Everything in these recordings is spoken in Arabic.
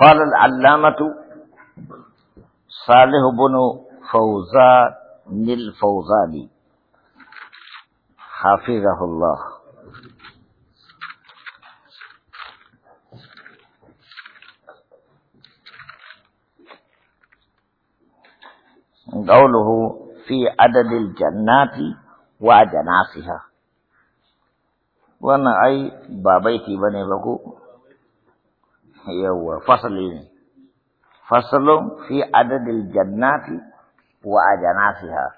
قال العلامة صالح بن فوزان الفوزاني حفظه الله قوله في عدد الجنات وجناسها وانا أي بابيتي بني بقو يو فصلين فصل في عدد الجنات وأجناسها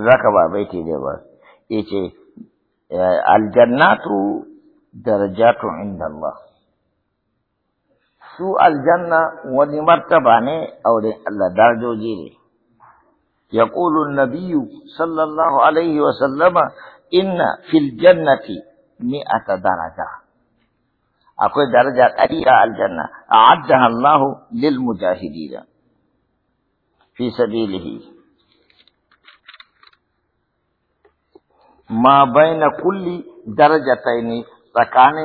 ذكر بيتي ده بس يجي آه، الجنات درجات عند الله سوء الجنة ودي مرتبة أو الله درجو جيري يقول النبي صلى الله عليه وسلم إن في الجنة مئة درجة اكو درجات اديها الجنه اعدها الله للمجاهدين في سبيله ما بين كل درجتين ركان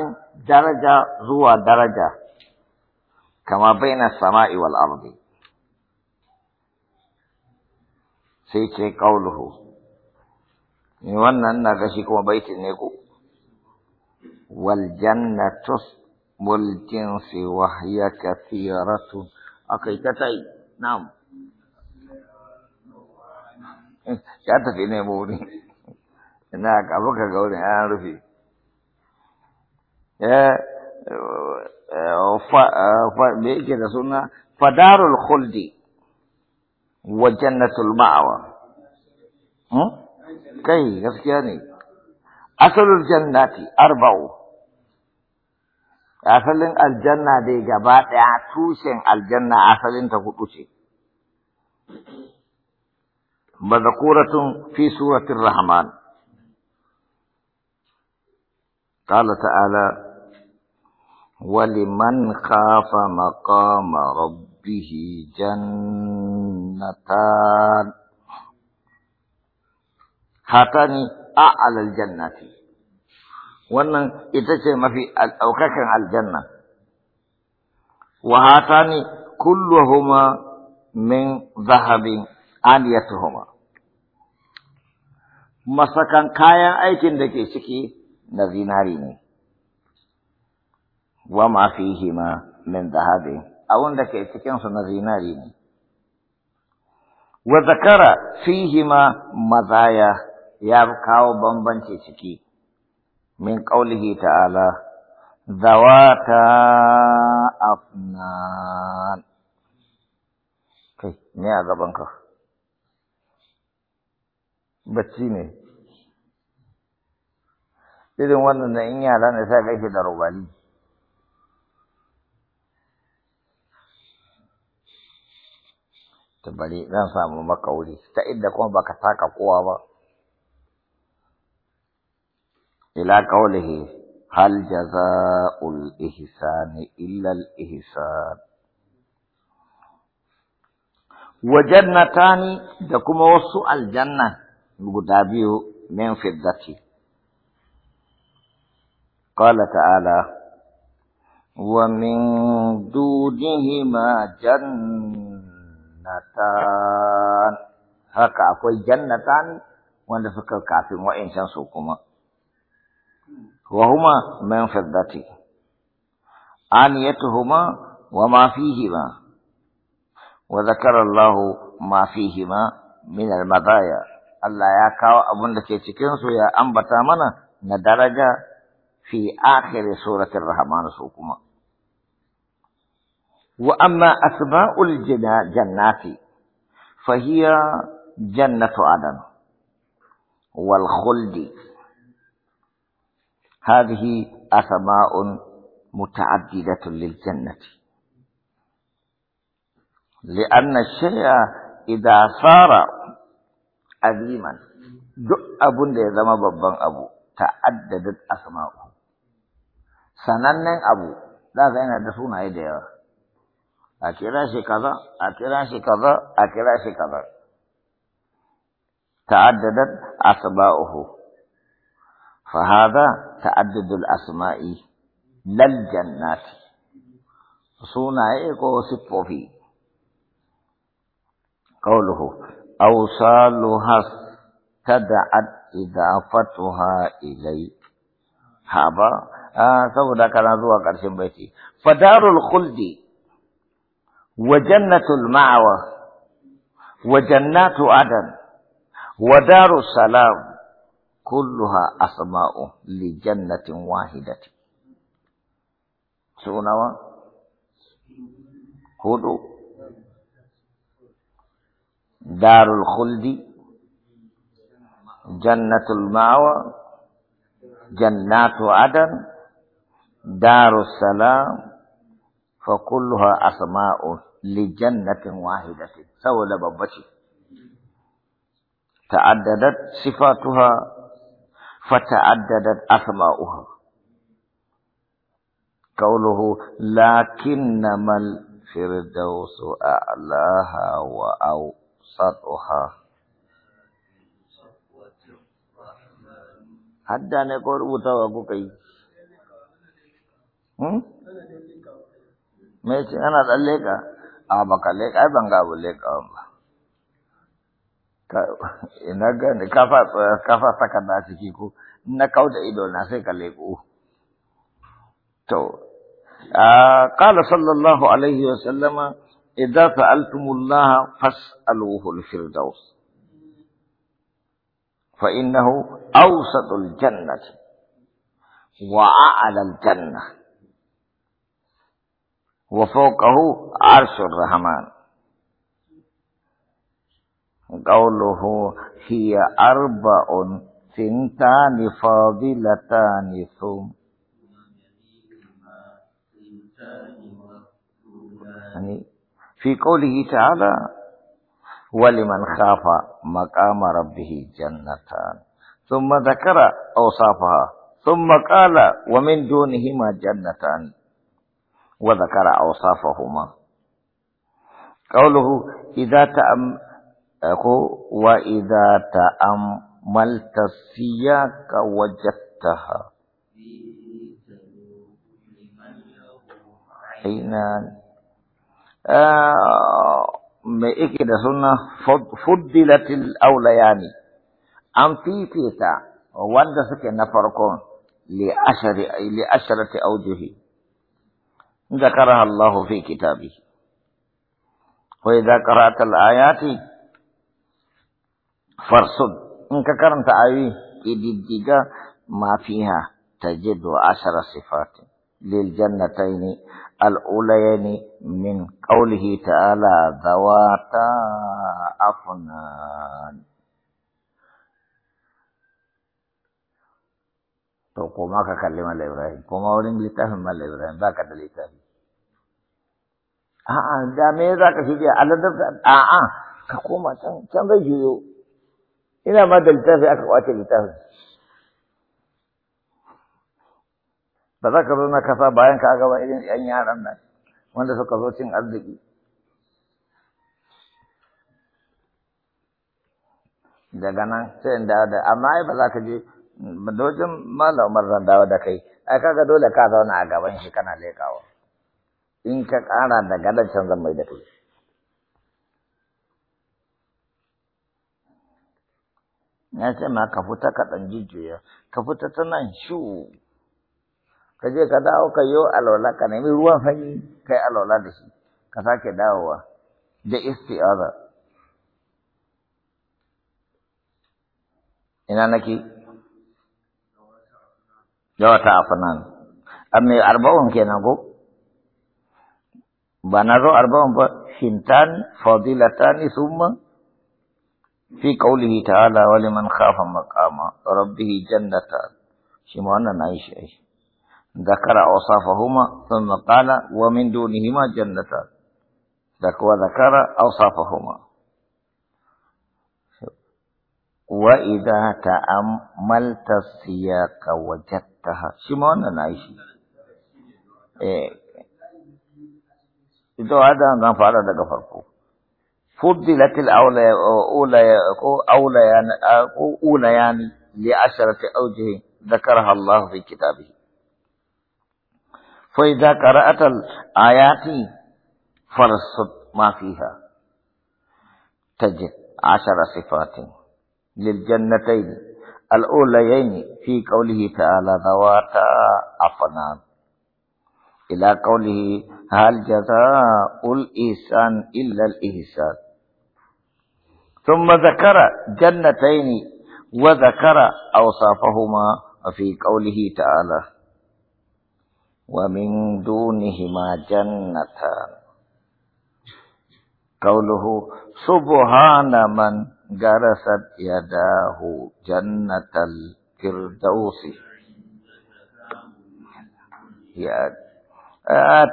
درجه ذو درجه كما بين السماء والارض سيكي قوله يوانا نغشيكو بيت النيكو والجنة والجنس وهي كثيرة حقيقتي نعم ya tafi nemo wuri ina abu ka ga wurin an rufe me yake da suna fadarul khuldi wa jannatul ma'awa kai gaskiya ne asalul jannati arba'u asalin aljanna dai gaba ɗaya tushen aljanna asalin ta hudu ce مذكورة في سورة الرحمن قال تعالى ولمن خاف مقام ربه جنتان هاتان أعلى الجنة wannan ita ce mafi ɗaukakan aljanna wa hatani kulluhuma min zahabin aliyatuhuma masakan kayan aikin da ke ciki na zinari ne wa ma min zahabin abun da ke cikinsu na zinari ne wa zakara fihima mazaya ya kawo bambanci ciki من قوله تعالى ذواتا أفنان كي نيا غبنك بتشيني irin wannan in yara ne sai gaishe da rubali ta zan samu maka ta inda kuma baka taka kowa ba إلى قوله هل جزاء الإحسان إلا الإحسان وجنتان دكما وصو الجنة بقدابيو من في الذات قال تعالى ومن دونهما جنتان هكا أقول جنتان وانا فكر كافي وإن شان سوكما وهما من فضته آنيتهما وما فيهما وذكر الله ما فيهما من المضايا الله يا كاو أبن لكي تكنسو يا أنبتا منا ندرجة في آخر سورة الرحمن سوكما وأما أسماء الجنات فهي جنة عدن والخلد هذه أسماء متعددة للجنة لأن الشيء إذا صار عظيما duk abun da ya zama babban abu sanannen abu za ka yana da sunaye da yawa a kira shi kaza a kira shi kaza a kira shi kaza ta'addadat فهذا تعدد الأسماء للجنات صونا إيكو سبو في قوله أوصالها تدعت إضافتها إلي هذا آه، سودا كان ذو قرش بيتي فدار الخلد وجنة المعوى وجنات عدن ودار السلام كلها أسماء لجنة واحدة سونوا هدو دار الخلد جنة المأوى جنات عدن دار السلام فكلها أسماء لجنة واحدة سوى لببتي تعددت صفاتها فتعددت أسماؤها قوله لكنما الفردوس أعلاها وأوسطها حتى نقول وتوقع كي ماشي أنا أقول لك أبقى لك أبقى لك أبقى قال صلى الله عليه وسلم إذا سألتم الله فاسألوه الفردوس فإنه أوسط الجنة وأعلى الجنة وفوقه عرش الرحمن قوله هي أربع سنتان فاضلتان ثم يعني في قوله تعالى ولمن خاف مقام ربه جنتان ثم ذكر أوصافها ثم قال ومن دونهما جنتان وذكر أوصافهما قوله إذا تأم أكو وإذا تأملت سياك وجدتها عينان آه، ما إكيد سنة فضلت الأوليان أم في فيتا وعند سكي لأشر لأشرة أوجه ذكرها الله في كتابه وإذا قرأت الآيات فرصد انك كرمت ايه تددد ما فيها تجد عشر صفات للجنتين الأوليين من قوله تعالى ذواتا أفنان تو قوما كلمة لإبراهيم قوما ورنج لتهم لإبراهيم باكة لتهم آآ جاميزا كفيديا ألدف آآ كقوما كم بيجيو ina ma da littafi aka kwace littafin ba za ka zauna kasa bayan ka gaba irin yan yaran nan wanda suka zo cin arziki daga nan sai in dawo da amma ai ba za ka je dojin malam umar zan dawo da kai ai kaga dole ka zauna a gaban shi kana leƙawa in ka ƙara daga nan can zan mai da kai nasema kafuta katanjijuya kafuta tanan shu kaje ka dawo ka yo alola ka nemi ruwan hanyi kai alola da shi ka sake dawowa da istiada. ina naki yawa ta afanan amma ya arbawan kenan ko ba na zo ba shintan fadilatani summa في قوله تعالى ولمن خاف مقام ربه جنتان شمعنا نعيش عيش ذكر أوصافهما ثم قال ومن دونهما جنتان ذكر وذكر أوصافهما وإذا تأملت السياق وجدتها شمعنا نعيش إيه. إذا هذا نفعل هذا فرقه فضلت الأولى أولى أوليان أوليان لعشرة أوجه ذكرها الله في كتابه فإذا قرأت الآيات فرصد ما فيها تجد عشر صفات للجنتين الأوليين في قوله تعالى ذواتا أفنان إلى قوله هل جزاء الإحسان إلا الإحسان ثم ذكر جنتين وذكر أوصافهما في قوله تعالى ومن دونهما جنتان قوله سبحان من جرست يداه جنة الفردوس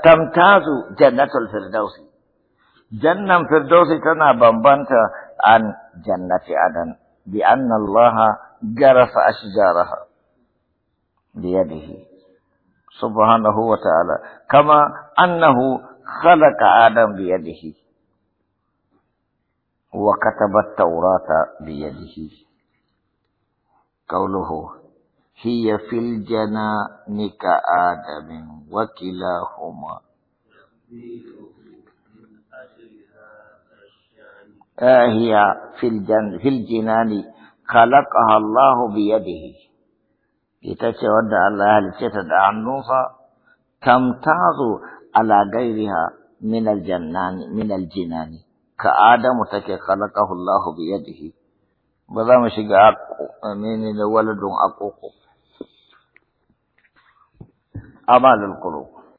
تمتاز جنة الفردوس جنة الفردوس تنا بمبانتا عن جنة عدن بأن الله جرف أشجارها بيده سبحانه وتعالى كما أنه خلق آدم بيده وكتب التوراة بيده قوله هي في الجنان كآدم وكلاهما آه، هي في الجن في الجنان خلقها الله بيده يتشود الله عن عنوفا تمتاز على غيرها من الجنان من الجنان كآدم تك خلقه الله بيده بذا مشي من ولد أقوق أمال القلوب